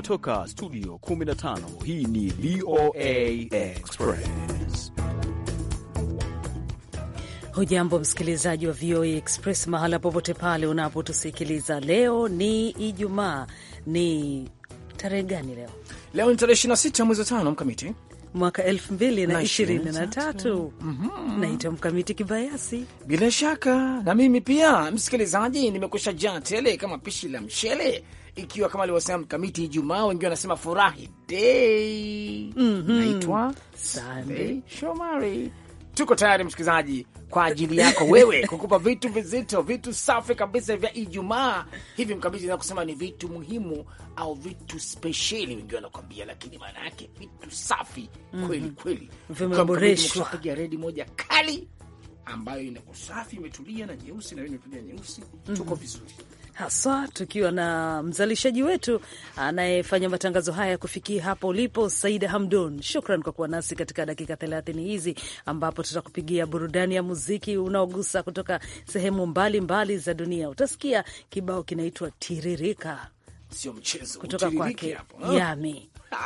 kutoka studio 15 hii ni VOA Express. Hujambo msikilizaji wa VOA Express mahala popote pale unapotusikiliza. Leo ni Ijumaa, ni tarehe gani leo? Leo ni tarehe 26 mwezi wa tano mkamiti mwaka elfu mbili na ishirini na tatu. Mm-hmm. Naitwa Mkamiti Kibayasi. Bila shaka na mimi pia msikilizaji, nimekusha jaa tele kama pishi la mchele ikiwa kama alivyosema mkamiti Ijumaa, wengi wanasema furahi dei. mm -hmm. Naitwa Shomari. Tuko tayari msikilizaji, kwa ajili yako wewe kukupa vitu vizito, vitu safi kabisa vya Ijumaa hivi mkamiti na kusema ni vitu muhimu au vitu spesheli, wengi wanakwambia, lakini maana yake vitu safi mhm. kweli kweli, vimeboreshwa. Piga redi moja kali ambayo ina imetulia na nyeusi, na wewe imetulia nyeusi, tuko mhm. vizuri haswa tukiwa na mzalishaji wetu anayefanya matangazo haya kufikia hapo ulipo, Saida Hamdun. Shukran kwa kuwa nasi katika dakika thelathini hizi ambapo tutakupigia burudani ya muziki unaogusa kutoka sehemu mbalimbali mbali za dunia. Utasikia kibao kinaitwa Tiririka, sio mchezo, kutoka kwake Yami.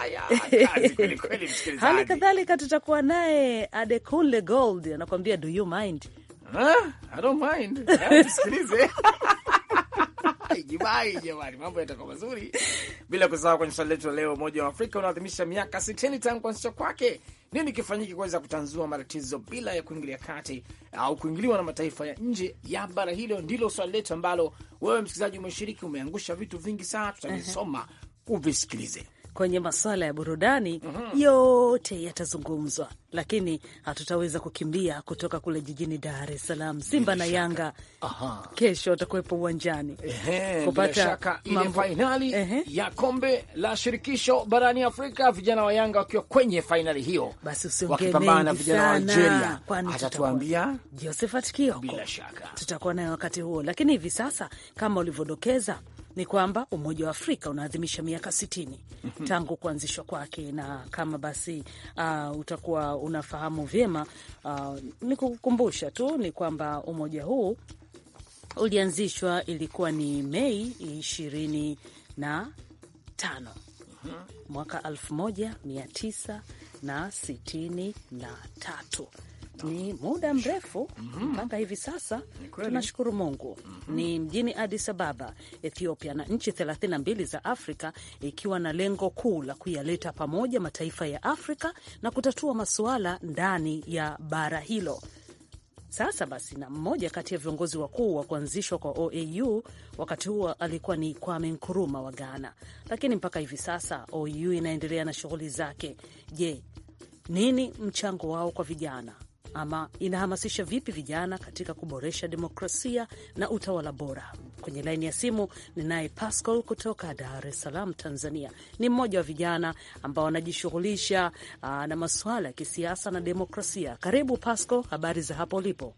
Hali kadhalika tutakuwa naye Adekunle Gold anakuambia do you mind Huh? I don't mind. Tusikilize. Yaani, Ijibai jamani, mambo yatakuwa mazuri. Bila kusahau kwenye swali letu leo, Umoja wa Afrika unaadhimisha miaka 60 tangu kuanzishwa kwake. Nini kifanyike kuweza kutanzua matatizo bila ya kuingilia kati au kuingiliwa na mataifa ya nje ya bara hilo? Ndilo swali letu ambalo wewe msikilizaji umeshiriki, umeangusha vitu vingi sana, tutavisoma mhm. uvisikilize kwenye masuala ya burudani mm -hmm. yote yatazungumzwa, lakini hatutaweza kukimbia kutoka kule jijini Dar es Salaam. Simba na Yanga Aha. kesho watakuwepo uwanjani kupata fainali ya kombe la shirikisho barani Afrika, vijana wa Yanga wakiwa kwenye fainali hiyo, basi usiongee sana, kwani atatuambia Josephat Kioko. Bila shaka tutakuwa naye wakati huo, lakini hivi sasa kama ulivyodokeza ni kwamba Umoja wa Afrika unaadhimisha miaka sitini mhm. tangu kuanzishwa kwake, na kama basi uh, utakuwa unafahamu vyema uh, ni kukukumbusha tu ni kwamba umoja huu ulianzishwa ilikuwa ni Mei ishirini na tano mhm. mwaka elfu moja mia tisa na sitini na tatu ni muda mrefu mpaka mm -hmm. hivi sasa tunashukuru Mungu mm -hmm. ni mjini Addis Ababa, Ethiopia, na nchi 32 za Afrika ikiwa na lengo kuu la kuyaleta pamoja mataifa ya Afrika na kutatua masuala ndani ya bara hilo. Sasa basi, na mmoja kati ya viongozi wakuu wa kuanzishwa kwa OAU wakati huo alikuwa ni Kwame Nkuruma wa Ghana, lakini mpaka hivi sasa OAU inaendelea na shughuli zake. Je, nini mchango wao kwa vijana? ama inahamasisha vipi vijana katika kuboresha demokrasia na utawala bora. Kwenye laini ya simu ninaye Pascal kutoka Dar es Salaam, Tanzania. Ni mmoja wa vijana ambao wanajishughulisha ah, na masuala ya kisiasa na demokrasia. Karibu Pascal, habari za hapo ulipo?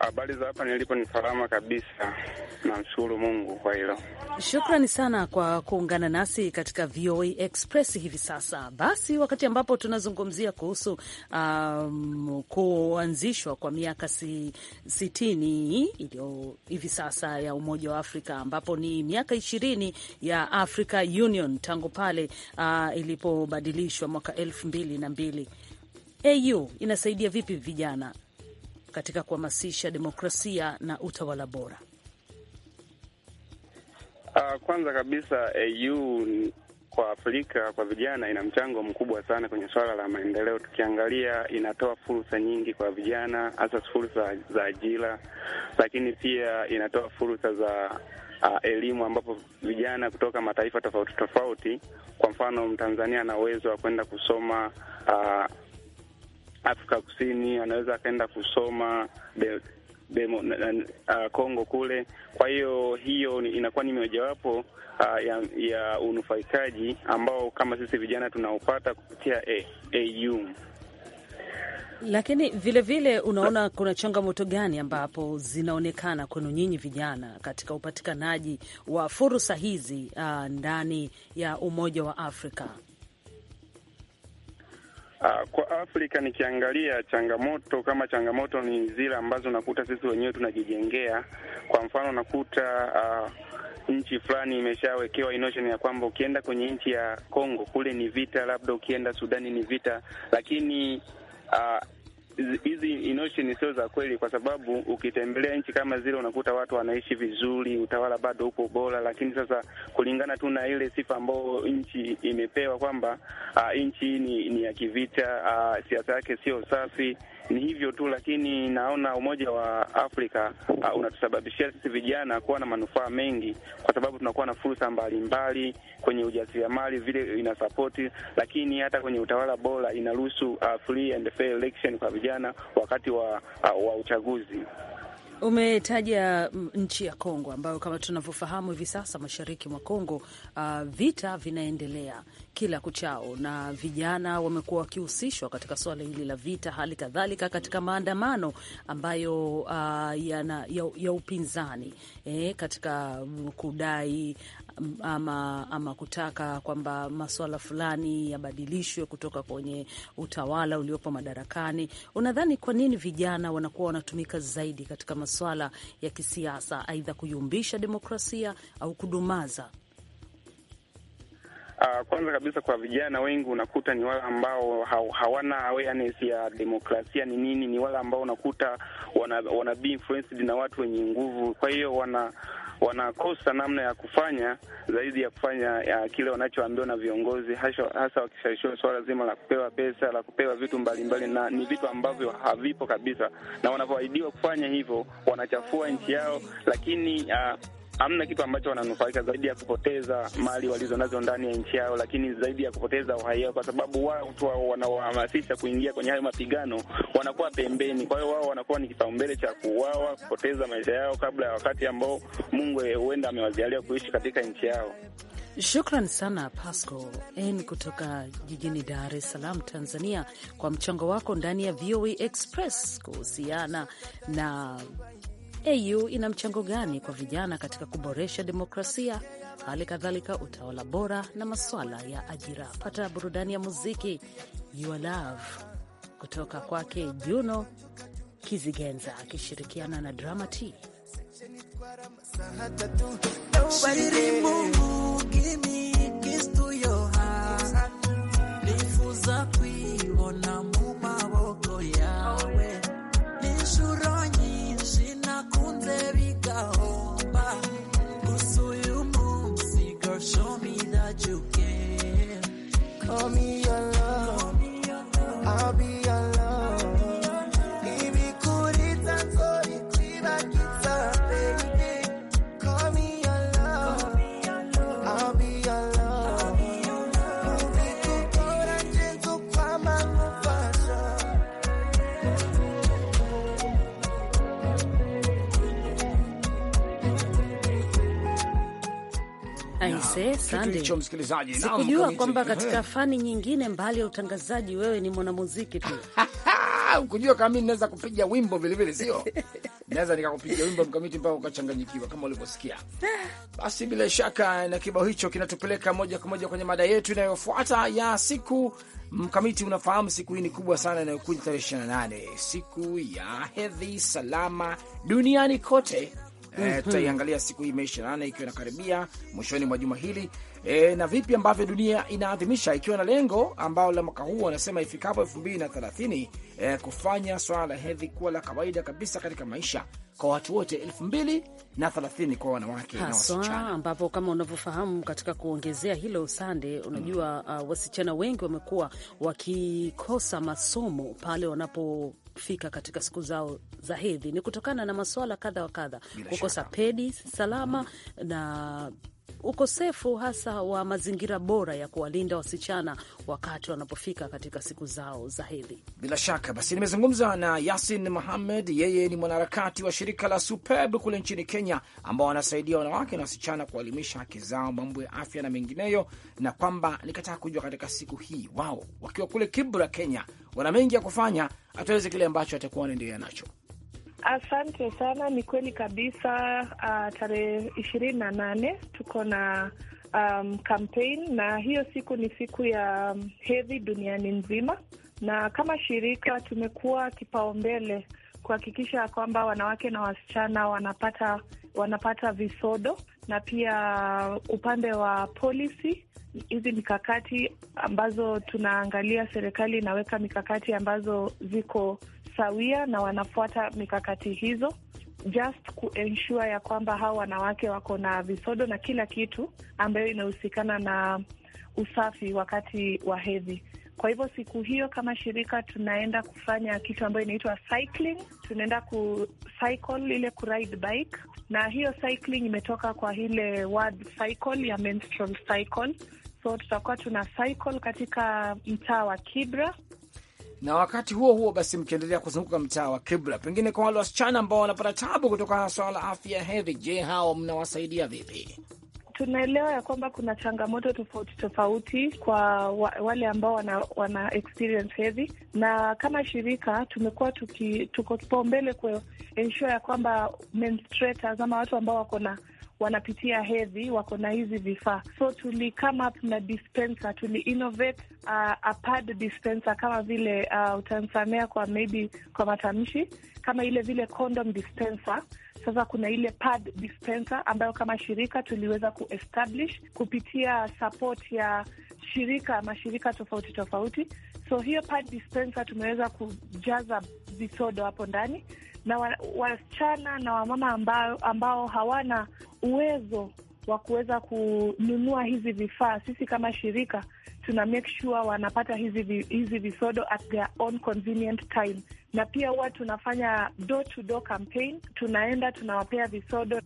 Habari za hapa nilipo ni salama kabisa, namshukuru Mungu kwa hilo. Shukrani sana kwa kuungana nasi katika VOA Express hivi sasa. Basi wakati ambapo tunazungumzia kuhusu um, kuanzishwa kwa miaka si, sitini iliyo hivi sasa ya Umoja wa Afrika, ambapo ni miaka ishirini ya Africa Union tangu pale uh, ilipobadilishwa mwaka elfu mbili na mbili. AU inasaidia vipi vijana katika kuhamasisha demokrasia na utawala bora? Uh, kwanza kabisa AU kwa Afrika kwa vijana ina mchango mkubwa sana kwenye swala la maendeleo. Tukiangalia, inatoa fursa nyingi kwa vijana, hasa fursa za ajira, lakini pia inatoa fursa za Uh, elimu ambapo vijana kutoka mataifa tofauti tofauti, kwa mfano Mtanzania ana uwezo wa kwenda kusoma uh, Afrika Kusini, anaweza akaenda kusoma de, de, uh, Kongo kule. Kwa hiyo hiyo inakuwa ni mojawapo uh, ya, ya unufaikaji ambao kama sisi vijana tunaopata kupitia AU. Lakini vile vile unaona kuna changamoto gani ambapo zinaonekana kwenu nyinyi vijana katika upatikanaji wa fursa hizi uh, ndani ya Umoja wa Afrika? Uh, kwa Afrika nikiangalia changamoto kama changamoto ni zile ambazo nakuta sisi wenyewe tunajijengea. Kwa mfano nakuta uh, nchi fulani imeshawekewa notion ya kwamba ukienda kwenye nchi ya Kongo kule ni vita, labda ukienda Sudani ni vita, lakini uh, hizi notion sio za kweli, kwa sababu ukitembelea nchi kama zile unakuta watu wanaishi vizuri, utawala bado uko bora, lakini sasa kulingana tu na ile sifa ambayo nchi imepewa kwamba uh, nchi ni, ni ya kivita uh, siasa yake sio safi ni hivyo tu, lakini naona Umoja wa Afrika uh, unatusababishia sisi vijana kuwa na manufaa mengi, kwa sababu tunakuwa na fursa mbalimbali kwenye ujasiriamali, vile ina sapoti lakini hata kwenye utawala bora inaruhusu uh, free and fair election kwa vijana wakati wa, uh, wa uchaguzi. Umetaja mm, nchi ya Kongo ambayo kama tunavyofahamu hivi sasa mashariki mwa Kongo uh, vita vinaendelea kila kuchao, na vijana wamekuwa wakihusishwa katika suala hili la vita, hali kadhalika katika maandamano ambayo uh, yana, ya, ya upinzani eh, katika mm, kudai ama, ama kutaka kwamba maswala fulani yabadilishwe kutoka kwenye utawala uliopo madarakani. Unadhani kwa nini vijana wanakuwa wanatumika zaidi katika maswala ya kisiasa, aidha kuyumbisha demokrasia au kudumaza? Uh, kwanza kabisa kwa vijana wengi unakuta ni wale ambao hawana awareness ya demokrasia ni nini, ni wale ambao unakuta wana, wana be influenced na watu wenye nguvu, kwa hiyo wana wanakosa namna ya kufanya zaidi ya kufanya ya kile wanachoambiwa na viongozi, hasa wakishaishiwa swala zima la kupewa pesa, la kupewa vitu mbalimbali mbali, na ni vitu ambavyo havipo kabisa, na wanavyoahidiwa kufanya hivyo wanachafua nchi yao, lakini uh, hamna kitu ambacho wananufaika zaidi ya kupoteza mali walizonazo ndani ya nchi yao, lakini zaidi ya kupoteza uhai wao, kwa sababu watu wao wanaohamasisha kuingia kwenye hayo mapigano wanakuwa pembeni. Kwa hiyo wao wanakuwa ni kipaumbele cha kuuawa, kupoteza maisha yao kabla ya wakati ambao Mungu e, huenda amewazialia kuishi katika nchi yao. Shukran sana Pasco n kutoka jijini Dar es Salaam, Tanzania, kwa mchango wako ndani ya VOA e Express kuhusiana na AU ina mchango gani kwa vijana katika kuboresha demokrasia, hali kadhalika utawala bora na masuala ya ajira? Pata burudani ya muziki Your Love kutoka kwake Juno Kizigenza akishirikiana na Drama T. for me. kitu msikilizaji. Sikujua kwamba katika fani nyingine mbali ya utangazaji wewe ni mwanamuziki tu. Ukujua kama mimi naweza kupiga wimbo vilevile, sio? Naweza nikakupiga wimbo mkamiti mpaka ukachanganyikiwa kama ulivyosikia. Basi bila shaka, na kibao hicho kinatupeleka moja kwa moja kwenye mada yetu inayofuata ya siku. Mkamiti, unafahamu siku hii ni kubwa sana, inayokuja tarehe 28, siku ya hedhi salama duniani kote e, tutaiangalia hmm. siku hii imeisha nane ikiwa inakaribia mwishoni mwa juma hili e, na vipi ambavyo dunia inaadhimisha ikiwa na lengo ambao la mwaka huu wanasema ifikapo elfu mbili na thelathini e, kufanya swala la hedhi kuwa la kawaida kabisa katika maisha kwa watu wote elfu mbili na thelathini kwa wanawake na wasichana, ambapo kama unavyofahamu katika kuongezea hilo sande, unajua mm, uh, wasichana wengi wamekuwa wakikosa masomo pale wanapo fika katika siku zao za hedhi ni kutokana na maswala kadha wa kadha, kukosa pedi salama na ukosefu hasa wa mazingira bora ya kuwalinda wasichana wakati wanapofika katika siku zao za hedhi. Bila shaka basi, nimezungumza na Yasin muhamed yeye ni mwanaharakati wa shirika la Superb kule nchini Kenya, ambao wanasaidia wanawake na wasichana kuwaelimisha haki zao, mambo ya afya na mengineyo, na kwamba nikataka kujua katika siku hii wao wakiwa kule Kibra, Kenya, wana mengi ya kufanya, atueleze kile ambacho atakuwa wanaendelea nacho. Asante sana. Ni kweli kabisa. Uh, tarehe ishirini na nane tuko na um, campaign na hiyo siku ni siku ya um, hedhi duniani nzima, na kama shirika tumekuwa kipaumbele kuhakikisha kwamba wanawake na wasichana wanapata wanapata visodo na pia upande wa policy hizi mikakati ambazo tunaangalia, serikali inaweka mikakati ambazo ziko sawia na wanafuata mikakati hizo just kuensure ya kwamba hawa wanawake wako na visodo na kila kitu ambayo inahusikana na usafi wakati wa hedhi. Kwa hivyo siku hiyo kama shirika tunaenda kufanya kitu ambayo inaitwa cycling. Tunaenda ku cycle ile ku ride bike, na hiyo cycling imetoka kwa ile word cycle ya menstrual cycle. So tutakuwa tuna cycle katika mtaa wa Kibra na wakati huo huo basi mkiendelea kuzunguka mtaa wa Kibra, pengine kwa wale wasichana ambao wanapata tabu kutokana na swala la afya ya hedhi, je, hawa mnawasaidia vipi? Tunaelewa ya kwamba kuna changamoto tofauti tofauti kwa wale ambao wana, wana experience hedhi, na kama shirika tumekuwa tuko kipaumbele kuensure ya kwamba menstruators ama watu ambao wako na wanapitia hedhi, wako na hizi vifaa. So tuli come up na dispenser, tuli innovate uh, a pad dispenser kama vile uh, utansamea kwa maybe kwa matamshi kama ile vile condom dispenser. Sasa kuna ile pad dispenser ambayo kama shirika tuliweza kuestablish kupitia support ya shirika mashirika tofauti tofauti. So hiyo pad dispenser tumeweza kujaza visodo hapo ndani na wasichana wa na wamama ambao, ambao hawana uwezo wa kuweza kununua hizi vifaa. Sisi kama shirika tuna make sure wanapata hizi, hizi visodo at their own convenient time, na pia huwa tunafanya door to door campaign, tunaenda tunawapea visodo.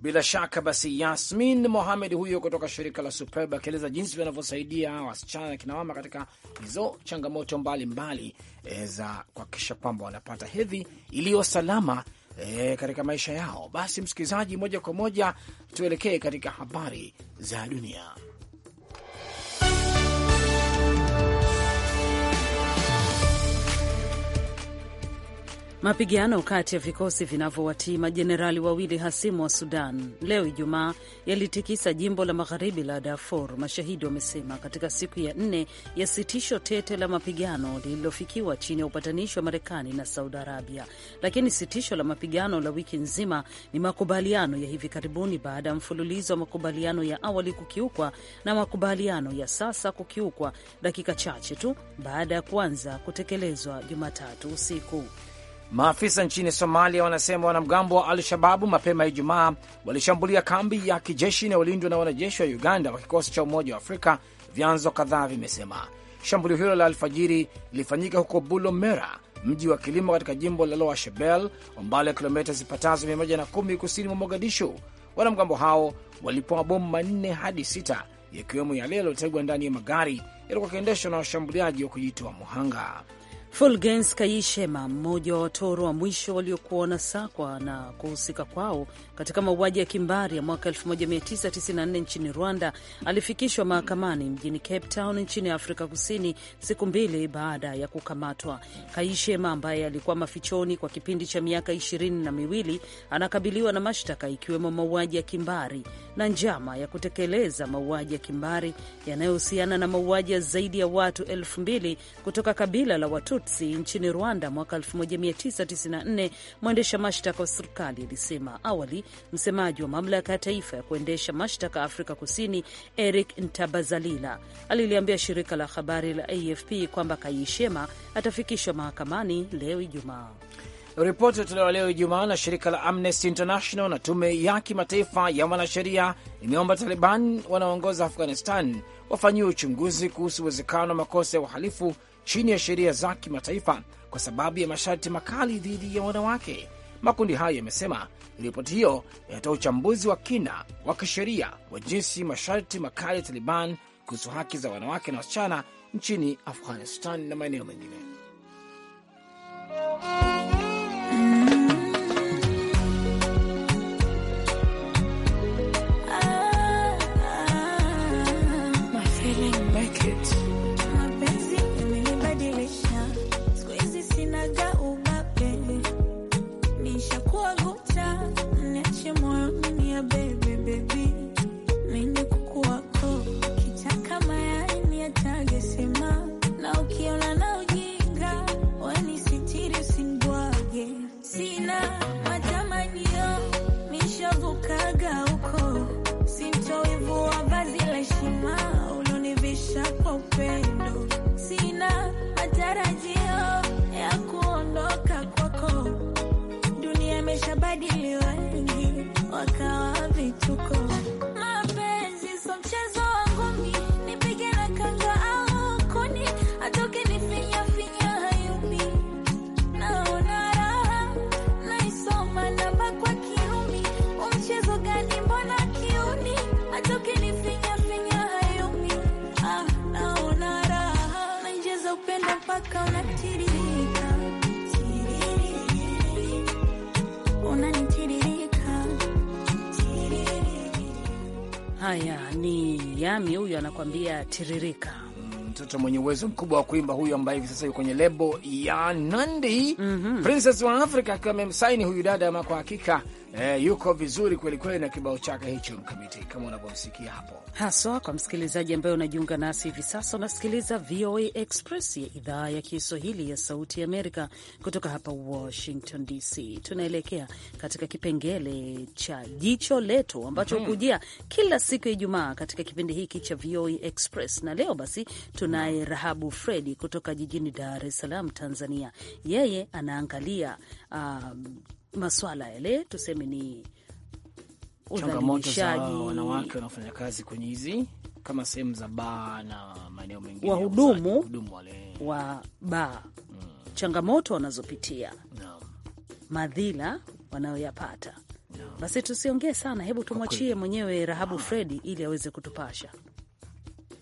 Bila shaka basi, Yasmin Mohamed huyo kutoka shirika la Superb akieleza jinsi wanavyosaidia wasichana na kinamama katika hizo changamoto mbalimbali mbali, e, za kuhakikisha kwamba wanapata hedhi iliyo salama e, katika maisha yao. Basi msikilizaji, moja kwa moja tuelekee katika habari za dunia. Mapigano kati ya vikosi vinavyowatii majenerali wawili hasimu wa Sudan leo Ijumaa yalitikisa jimbo la magharibi la Darfur, mashahidi wamesema, katika siku ya nne ya sitisho tete la mapigano lililofikiwa chini ya upatanishi wa Marekani na Saudi Arabia. Lakini sitisho la mapigano la wiki nzima ni makubaliano ya hivi karibuni baada ya mfululizo wa makubaliano ya awali kukiukwa na makubaliano ya sasa kukiukwa dakika chache tu baada ya kuanza kutekelezwa Jumatatu usiku. Maafisa nchini Somalia wanasema wanamgambo wa Al-Shababu mapema Ijumaa walishambulia kambi ya kijeshi inayolindwa na wanajeshi wa Uganda wa kikosi cha Umoja wa Afrika, vyanzo kadhaa vimesema. Shambulio hilo la alfajiri lilifanyika huko Bulomera, mji wa kilimo katika jimbo la Lower Shabelle, umbali wa kilomita zipatazo 110 kusini mwa Mogadishu. Wanamgambo hao walipoa mabomu manne hadi sita, yakiwemo yale yaliyotegwa ndani ya magari yalikuwa yakiendeshwa na washambuliaji wa kujitoa muhanga. Fulgens Kayishema, mmoja wa watoro wa mwisho waliokuwa wanasakwa na kuhusika kwao katika mauaji ya kimbari ya mwaka 1994 nchini Rwanda, alifikishwa mahakamani mjini Cape Town nchini Afrika Kusini siku mbili baada ya kukamatwa. Kayishema ambaye alikuwa mafichoni kwa kipindi cha miaka ishirini na miwili anakabiliwa na mashtaka ikiwemo mauaji ya kimbari na njama ya kutekeleza mauaji ya kimbari yanayohusiana na mauaji ya zaidi ya watu elfu mbili kutoka kabila la Watutu Tutsi nchini Rwanda mwaka 1994, mwendesha mashtaka wa serikali alisema. Awali, msemaji wa mamlaka ya taifa ya kuendesha mashtaka Afrika Kusini Eric Ntabazalila aliliambia shirika la habari la AFP kwamba Kayishema atafikishwa mahakamani leo Ijumaa. Ripoti iliyotolewa leo Ijumaa na shirika la Amnesty International na tume ya kimataifa ya wanasheria imeomba Taliban wanaoongoza Afghanistan wafanyiwe uchunguzi kuhusu uwezekano wa makosa ya uhalifu chini ya sheria za kimataifa kwa sababu ya masharti makali dhidi ya wanawake. Makundi hayo yamesema ripoti hiyo inatoa uchambuzi wa kina wa kisheria wa jinsi masharti makali ya Taliban kuhusu haki za wanawake na wasichana nchini Afghanistan na maeneo mengine. baby. Haya, ni Yami huyu anakuambia tiririka, mtoto mwenye uwezo mkubwa wa kuimba huyu, ambaye hivi sasa yuko kwenye lebo ya Nandi mm -hmm. Princess wa Africa akiwa amemsaini huyu dada, ama kwa hakika Eh, yuko vizuri kweli kweli na kibao chake hicho mkamiti, kama unavyomsikia hapo haswa. Kwa msikilizaji ambaye unajiunga nasi hivi sasa, unasikiliza VOA Express ya idhaa ya Kiswahili ya Sauti Amerika kutoka hapa Washington DC. Tunaelekea katika kipengele cha jicho letu ambacho mhm. hukujia mm, kila siku ya Ijumaa katika kipindi hiki cha VOA Express, na leo basi tunaye Rahabu Fredi kutoka jijini Dar es Salaam, Tanzania. Yeye anaangalia um, maswala yale tuseme ni udhalilishaji, wanawake wanaofanya kazi kwenye hizi kama sehemu za baa na maeneo mengine, wahudumu wa baa mm, changamoto wanazopitia no, madhila wanayoyapata no. Basi tusiongee sana, hebu tumwachie mwenyewe Rahabu ah. Fredi ili aweze kutupasha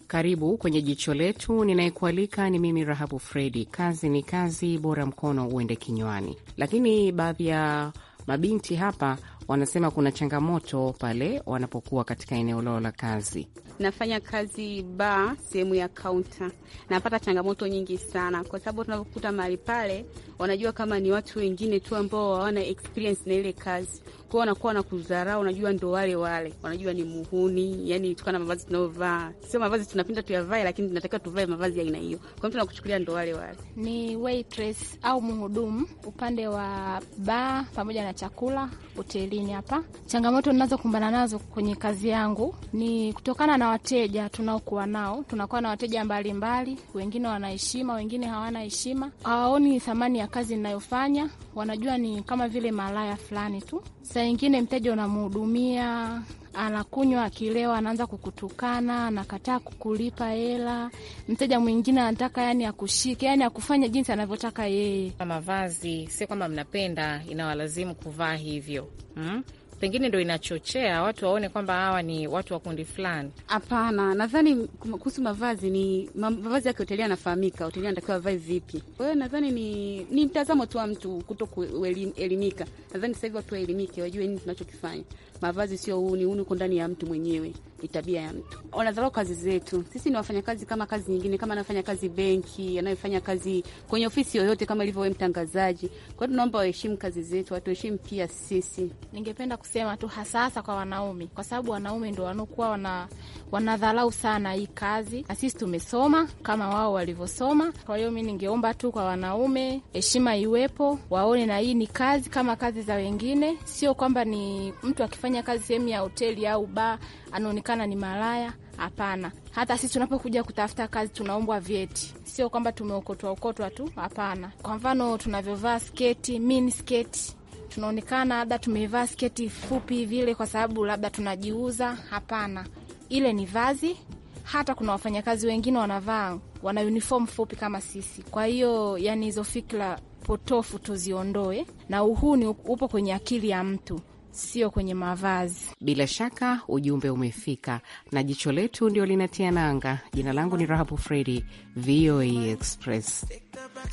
karibu kwenye jicho letu. Ninayekualika ni mimi Rahabu Fredi. Kazi ni kazi, bora mkono uende kinywani. Lakini baadhi ya mabinti hapa wanasema kuna changamoto pale wanapokuwa katika eneo lao la kazi nafanya kazi ba sehemu ya kaunta, napata changamoto nyingi sana kwa sababu tunavyokuta mahali pale, wanajua kama ni watu wengine tu ambao hawana experience na ile kazi, kwao wanakuwa na kudharau. Unajua ndo wale wale, wanajua ni muhuni, yani tukana mavazi tunayovaa, sio mavazi tunapinda tuyavae, lakini tunatakiwa tuvae mavazi ya aina hiyo, kwa mtu anakuchukulia ndo wale wale. Ni waitress au mhudumu upande wa ba pamoja na chakula hotelini. Hapa changamoto ninazokumbana nazo kwenye kazi yangu ni kutokana na na wateja tunaokuwa nao, tunakuwa na wateja mbalimbali mbali. Wengine wana heshima, wengine hawana heshima, hawaoni thamani ya kazi inayofanya, wanajua ni kama vile malaya fulani tu. Saa ingine mteja unamhudumia anakunywa akilewa, anaanza kukutukana, anakataa kukulipa hela. Mteja mwingine anataka yani akushike, yani akufanya jinsi anavyotaka yeye. Mavazi sio kwamba mnapenda, inawalazimu kuvaa hivyo mm? pengine ndo inachochea watu waone kwamba hawa ni watu wa kundi fulani. Hapana, nadhani kuhusu mavazi ni mavazi yake hoteli anafahamika, hoteli anatakiwa avae vipi. Kwa hiyo nadhani ni, ni mtazamo tu wa mtu kuto kuelimika. Nadhani sasa hivi watu waelimike, wajue nini tunachokifanya. Mavazi sio uni, uni uko ndani ya mtu mwenyewe ni tabia ya mtu. Wanadharau kazi zetu. Sisi ni wafanyakazi kama kazi nyingine, kama anafanya kazi benki, anayofanya kazi kwenye ofisi yoyote, kama ilivyo we mtangazaji. Kwa hiyo tunaomba waheshimu kazi zetu, watuheshimu pia sisi. Ningependa kusema tu hasa hasa kwa wanaume, kwa sababu wanaume ndo wanaokuwa wana wanadharau sana hii kazi, na sisi tumesoma kama wao walivyosoma. Kwa hiyo mi ningeomba tu kwa wanaume, heshima iwepo, waone na hii ni kazi kama kazi za wengine, sio kwamba ni mtu akifanya kazi sehemu ya hoteli au baa anaonekana mkana ni malaya? Hapana. Hata sisi tunapokuja kutafuta kazi tunaombwa vyeti, sio kwamba tumeokotwa okotwa tu, hapana. Kwa mfano tunavyovaa sketi, mini sketi tunaonekana labda tumevaa sketi fupi vile kwa sababu labda tunajiuza. Hapana, ile ni vazi. Hata kuna wafanyakazi wengine wanavaa wana uniform fupi kama sisi. Kwa hiyo, yani hizo fikra potofu tuziondoe, na uhuni upo kwenye akili ya mtu sio kwenye mavazi. Bila shaka ujumbe umefika, na jicho letu ndio linatia nanga. Jina langu ni Rahabu Fredi. VOA Express.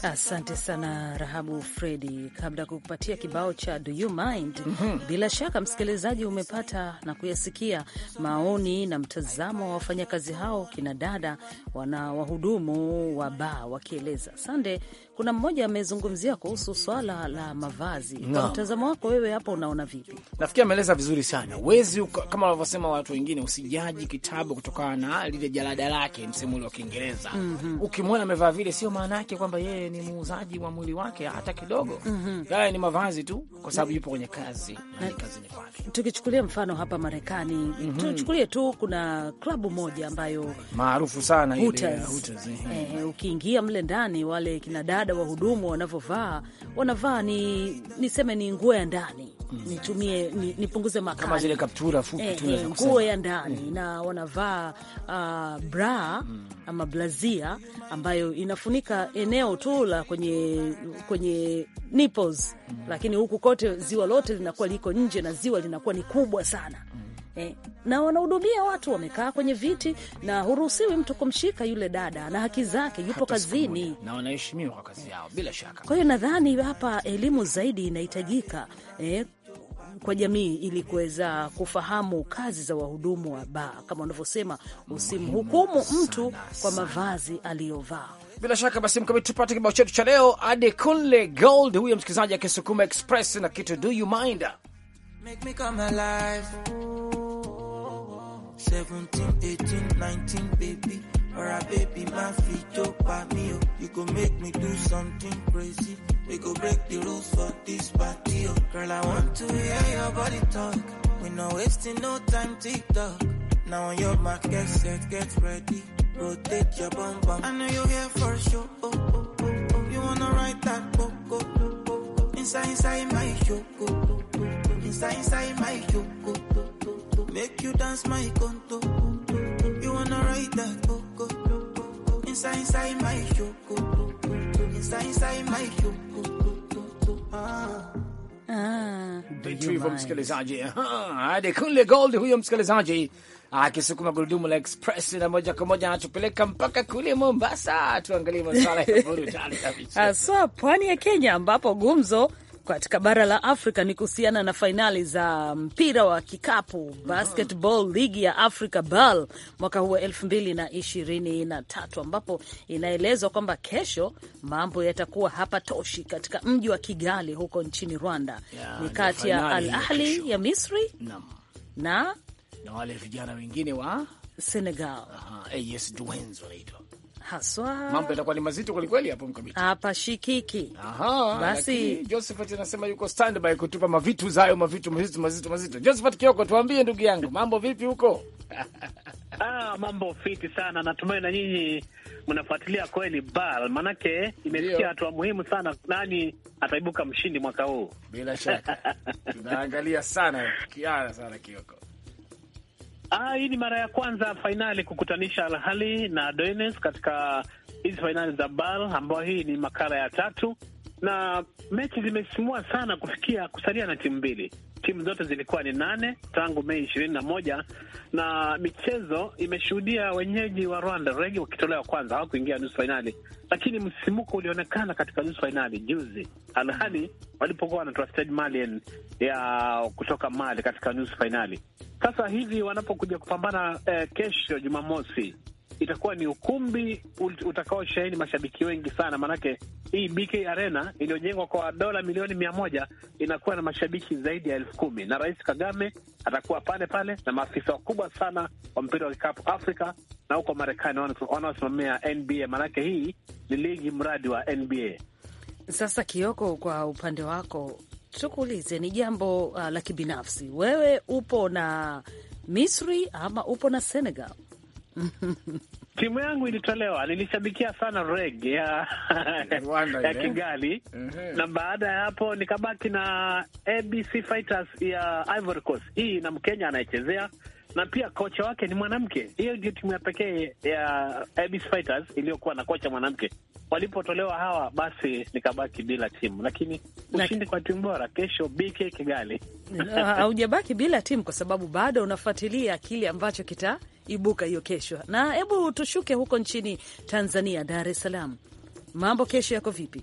Asante sana Rahabu Fredi. Kabla ya kukupatia kibao cha do you mind, mm -hmm. Bila shaka msikilizaji, umepata na kuyasikia maoni na mtazamo wa wafanyakazi hao kina dada wana wahudumu wa baa wakieleza. Sande, kuna mmoja amezungumzia kuhusu swala la mavazi no. Kwa mtazamo wako wewe hapo unaona vipi? Nafikiri ameeleza vizuri sana. Wezi kama wanavyosema watu wengine, usijaji kitabu kutokana na lile jalada lake, msemo ule wa Kiingereza mm -hmm mm -hmm. Ukimwona amevaa vile, sio maana yake kwamba yeye ni muuzaji wa mwili wake hata kidogo. mm -hmm. Haya ni mavazi tu, kwa sababu yupo kwenye kazi na kazini kwake. Tukichukulia mfano hapa Marekani, mm -hmm. tuchukulie tu, kuna klabu moja ambayo maarufu sana Hooters. Hooters, eh. eh. Eh, ukiingia mle ndani, wale kina dada wahudumu wanavyovaa, wanavaa ni niseme ni nguo ya ndani Mm. nitumie nipunguze makali kama zile kaptura fupi eh, tu eh, nguo ya ndani mm. na wanavaa uh, bra mm. ama blazia ambayo inafunika eneo tu la kwenye kwenye nipples mm. lakini huku kote ziwa lote linakuwa liko nje na ziwa linakuwa ni kubwa sana mm. Eh, na wanahudumia watu wamekaa kwenye viti, na huruhusiwi mtu kumshika yule dada, na haki zake, yupo kazini na wanaheshimiwa kwa kazi yao bila shaka. Kwa hiyo nadhani hapa elimu zaidi inahitajika eh, kwa jamii ili kuweza kufahamu kazi za wahudumu wa baa. Kama unavyosema, usimhukumu mtu kwa mavazi aliyovaa. Bila shaka basi, mkamiti, tupate kibao chetu cha leo, Ade Kunle Gold, huyo msikilizaji akisukuma express na kitu do you mind Make me come alive. 17, 18, 19, baby Or a baby, my feet joke by me. yo. Oh. You go make me do something crazy. We go break the rules for this party. yo. Oh. Girl, I want to hear your body talk. We no wasting no time, tick tock. Now on your mark, get set, get ready. Rotate your bum bum. I know you're here for sure. Oh, oh, oh, oh. You wanna ride that book? Oh, oh, oh. Inside, inside my choco. Oh, oh, oh. Inside, inside my choco. Oh, oh, oh. Make you dance my conto. Oh, you wanna ride that vitu ah. hivyo msikilizaji, hadi kule Gold huyo msikilizaji akisukuma gurudumu la express na moja kwa moja anatupeleka mpaka kule Mombasa. Tuangalie masuala ya burudani kabisa, hasa pwani ya Kenya ambapo gumzo katika bara la Afrika ni kuhusiana na fainali za mpira wa kikapu basketball ligi ya Africa BAL mwaka huu wa elfu mbili na ishirini na tatu ambapo inaelezwa kwamba kesho mambo yatakuwa hapatoshi katika mji wa Kigali huko nchini Rwanda. Ni kati ya Al Ahli ya Misri na, na, na wale vijana wengine wa Senegal. Aha, AS eh, Douanes haswa mambo yatakuwa ni mazito kwelikweli hapo mkamiti hapa shikiki. Aha, basi Josephat anasema yuko standby kutupa mavitu zayo mavitu mazito mazito mazito. Josephat Kioko, tuambie ndugu yangu, mambo vipi huko? Ah, mambo fiti sana, natumai na nyinyi mnafuatilia kweli bal, manake imefikia hatua muhimu sana. Nani ataibuka mshindi mwaka huu? Bila shaka tunaangalia sana kiara sana Kioko Ah, hii ni mara ya kwanza fainali kukutanisha Al Ahly na Donetsk katika hizi fainali za BAL ambayo hii ni makala ya tatu, na mechi zimesimua sana kufikia kusalia na timu mbili timu zote zilikuwa ni nane tangu Mei ishirini na moja na michezo imeshuhudia wenyeji wa Rwanda Regi wakitolewa kwanza, kuingia nusu fainali, lakini msimuko ulionekana katika nusu fainali juzi alhali walipokuwa wanatrusted Mali ya kutoka Mali katika nusu fainali. Sasa hivi wanapokuja kupambana eh, kesho Jumamosi itakuwa ni ukumbi utakaosheheni mashabiki wengi sana, maanake hii BK Arena iliyojengwa kwa dola milioni mia moja inakuwa na mashabiki zaidi ya elfu kumi na Rais Kagame atakuwa pale pale na maafisa wakubwa sana wa mpira wa kikapu Afrika na huko Marekani wanaosimamia NBA, maanake hii ni ligi mradi wa NBA. Sasa Kioko, kwa upande wako tukuulize, ni jambo uh, la kibinafsi, wewe upo na Misri ama upo na Senegal? timu yangu ilitolewa, nilishabikia sana reg ya, ya Kigali uh -huh. Na baada ya hapo nikabaki na ABC Fighters ya Ivory Coast. Hii na Mkenya anayechezea na pia kocha wake ni mwanamke. Hiyo ndio timu ya pekee ya Abyss Fighters iliyokuwa na kocha mwanamke. Walipotolewa hawa, basi nikabaki bila timu, lakini ushindi kwa timu bora kesho BK Kigali. Ah, haujabaki bila timu kwa sababu bado unafuatilia kile ambacho kitaibuka hiyo kesho. Na hebu tushuke huko nchini Tanzania, Dar es Salaam, mambo kesho yako vipi?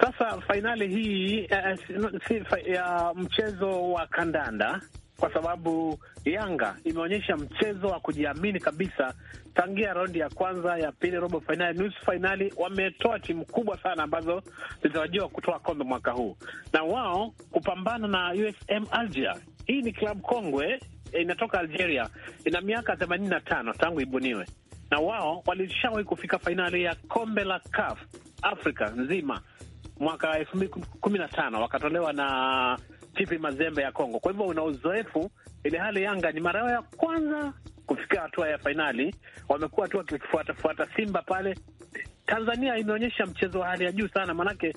Sasa fainali hii uh, si, ya mchezo wa kandanda kwa sababu Yanga imeonyesha mchezo wa kujiamini kabisa tangia raundi ya kwanza, ya pili, robo fainali, nusu fainali. Wametoa timu kubwa sana ambazo zilitarajiwa kutoa kombe mwaka huu, na wao kupambana na USM Alger. Hii ni klabu kongwe, eh, inatoka Algeria, ina miaka themanini na tano tangu ibuniwe, na wao walishawahi kufika fainali ya kombe la CAF Afrika nzima mwaka elfu mbili kumi na tano wakatolewa na Tipi Mazembe ya Kongo. Kwa hivyo una uzoefu, ile hali Yanga ni mara yao ya kwanza kufikia hatua ya fainali, wamekuwa tu wakifuatafuata Simba pale. Tanzania imeonyesha mchezo wa hali ya juu sana, maanake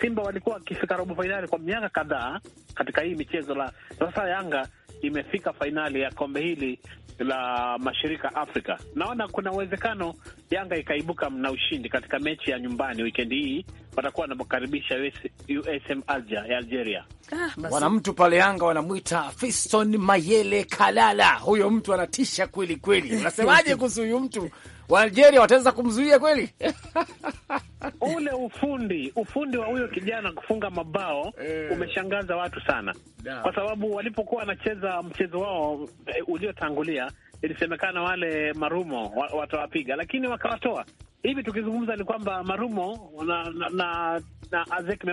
Simba walikuwa wakifika robo fainali kwa miaka kadhaa katika hii michezo la sasa. Yanga imefika fainali ya kombe hili la mashirika Afrika, naona kuna uwezekano Yanga ikaibuka na ushindi katika mechi ya nyumbani wikendi hii, watakuwa wanamkaribisha USM Alger ya Algeria. Ah, wana mtu pale Yanga wanamwita Fiston Mayele Kalala. Huyo mtu anatisha kweli kweli. Unasemaje kuhusu huyu mtu? Waalgeria wataweza kumzuia kweli? Ule ufundi ufundi wa huyo kijana kufunga mabao eh, umeshangaza watu sana da, kwa sababu walipokuwa wanacheza mchezo wao e, uliotangulia ilisemekana wale Marumo watawapiga, lakini wakawatoa. Hivi tukizungumza ni kwamba Marumo na, na, na, na Azek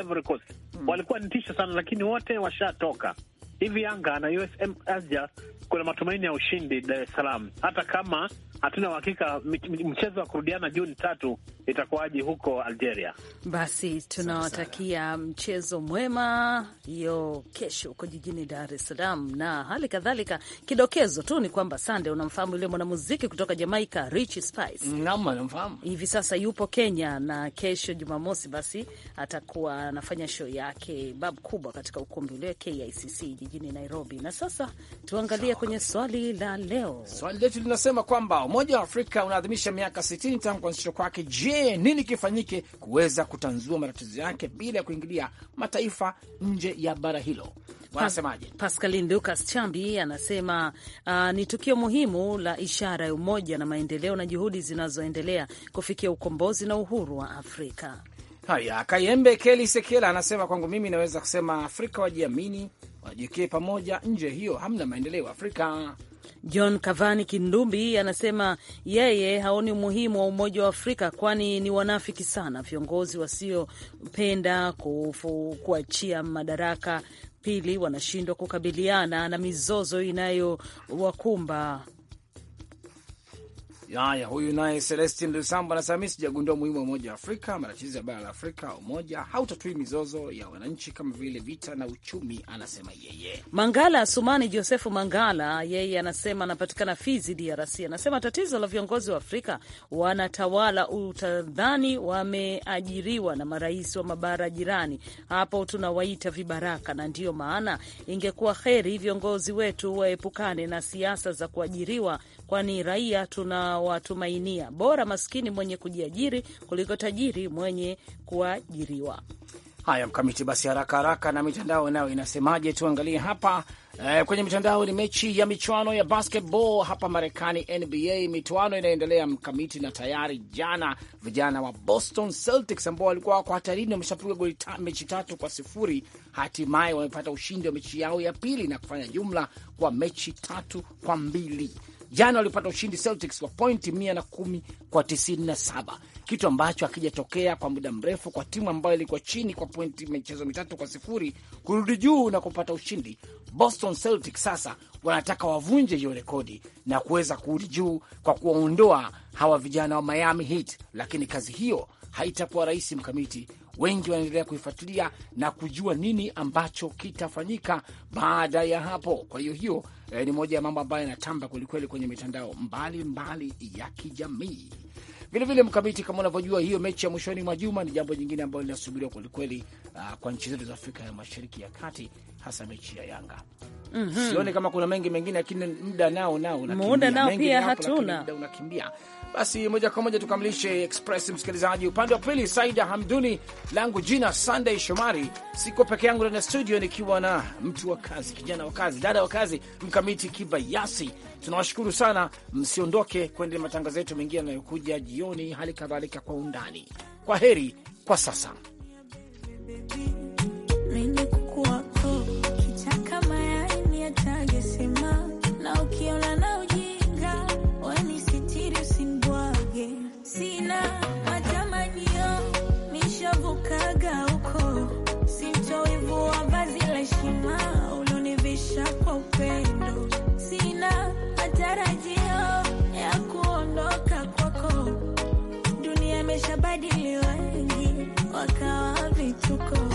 Ivory Coast hmm, walikuwa ni tisho sana, lakini wote washatoka hivi Yanga na USM Alger kuna matumaini ya ushindi Dar es Salaam, hata kama hatuna uhakika mchezo wa kurudiana Juni tatu itakuwaje huko Algeria. Basi tunawatakia mchezo mwema hiyo kesho huko jijini Dar es Salaam. Na hali kadhalika, kidokezo tu ni kwamba Sande, unamfahamu yule mwanamuziki kutoka Jamaica Rich Spice? Naam, namfahamu. Hivi sasa yupo Kenya na kesho Jumamosi basi atakuwa anafanya show yake bab kubwa katika ukumbi ule KICC jijini Nairobi. Na sasa tuangalie kwenye swali la leo. Swali letu linasema kwamba Umoja wa Afrika unaadhimisha miaka 60 tangu kuanzishwa kwake. Je, nini kifanyike kuweza kutanzua matatizo yake bila ya kuingilia mataifa nje ya bara hilo? Wanasemaje? Pascalin Lucas Chambi anasema uh, ni tukio muhimu la ishara ya umoja na maendeleo na juhudi zinazoendelea kufikia ukombozi na uhuru wa Afrika. Haya, Kayembe Keli Sekela anasema kwangu mimi naweza kusema Afrika wajiamini, wajiwekee pamoja, nje hiyo hamna maendeleo Afrika. John Kavani Kindumbi anasema yeye haoni umuhimu wa Umoja wa Afrika kwani ni wanafiki sana viongozi wasiopenda kuachia madaraka pili wanashindwa kukabiliana na mizozo inayowakumba Haya, huyu naye Celestin Lusambo anasema mi sijagundua umuhimu wa Umoja wa Afrika. Matatizo ya bara la Afrika umoja hautatui mizozo ya wananchi kama vile vita na uchumi, anasema yeye. Mangala Sumani Josefu Mangala yeye anasema anapatikana Fizi, DRC. Anasema tatizo la viongozi wa Afrika wanatawala utadhani wameajiriwa na marais wa mabara jirani, hapo tunawaita vibaraka, na ndiyo maana ingekuwa heri viongozi wetu waepukane na siasa za kuajiriwa, kwani raia tuna anawatumainia. Bora maskini mwenye kujiajiri kuliko tajiri mwenye kuajiriwa. Haya, Mkamiti, basi haraka haraka na mitandao nayo inasemaje? Tuangalie hapa eh, kwenye mitandao. Ni mechi ya michuano ya basketball hapa Marekani, NBA michuano inaendelea Mkamiti, na tayari jana vijana wa Boston Celtics ambao walikuwa wako hatarini wameshapiga goli mechi tatu kwa sifuri, hatimaye wamepata ushindi wa mechi yao ya pili na kufanya jumla kwa mechi tatu kwa mbili Jana walipata ushindi Celtics wa pointi mia na kumi kwa tisini na saba, kitu ambacho hakijatokea kwa muda mrefu kwa timu ambayo ilikuwa chini kwa pointi michezo mitatu kwa sifuri kurudi juu na kupata ushindi. Boston Celtics sasa wanataka wavunje hiyo rekodi na kuweza kurudi juu kwa kuwaondoa hawa vijana wa Miami Heat, lakini kazi hiyo haitakuwa rahisi mkamiti wengi wanaendelea kuifuatilia na kujua nini ambacho kitafanyika baada ya hapo. Kwa hiyo hiyo eh, ni moja ya mambo ambayo yanatamba kwelikweli kwenye mitandao mbalimbali ya kijamii. Vilevile Mkamiti, kama unavyojua, hiyo mechi ya mwishoni mwa juma ni jambo jingine ambayo linasubiriwa kwelikweli, uh, kwa nchi zetu za Afrika ya Mashariki ya Kati, hasa mechi ya Yanga. Mm -hmm. Sione kama kuna mengi mengine, lakini muda nao nao muda nao pia hatuna, unakimbia. Basi moja kwa moja tukamilishe Express, msikilizaji. Upande wa pili Saida Hamduni, langu jina Sunday Shomari, siko peke yangu ndani ya studio, nikiwa na mtu wa kazi, kijana wa kazi, dada wa kazi, Mkamiti Kibayasi. Tunawashukuru sana, msiondoke kwende matangazo yetu mengine yanayokuja jioni, hali kadhalika kwa undani. Kwa heri kwa sasa. mama, ulonivisha kwa upendo, sina matarajio ya kuondoka kwako. Dunia wengi wakawa vituko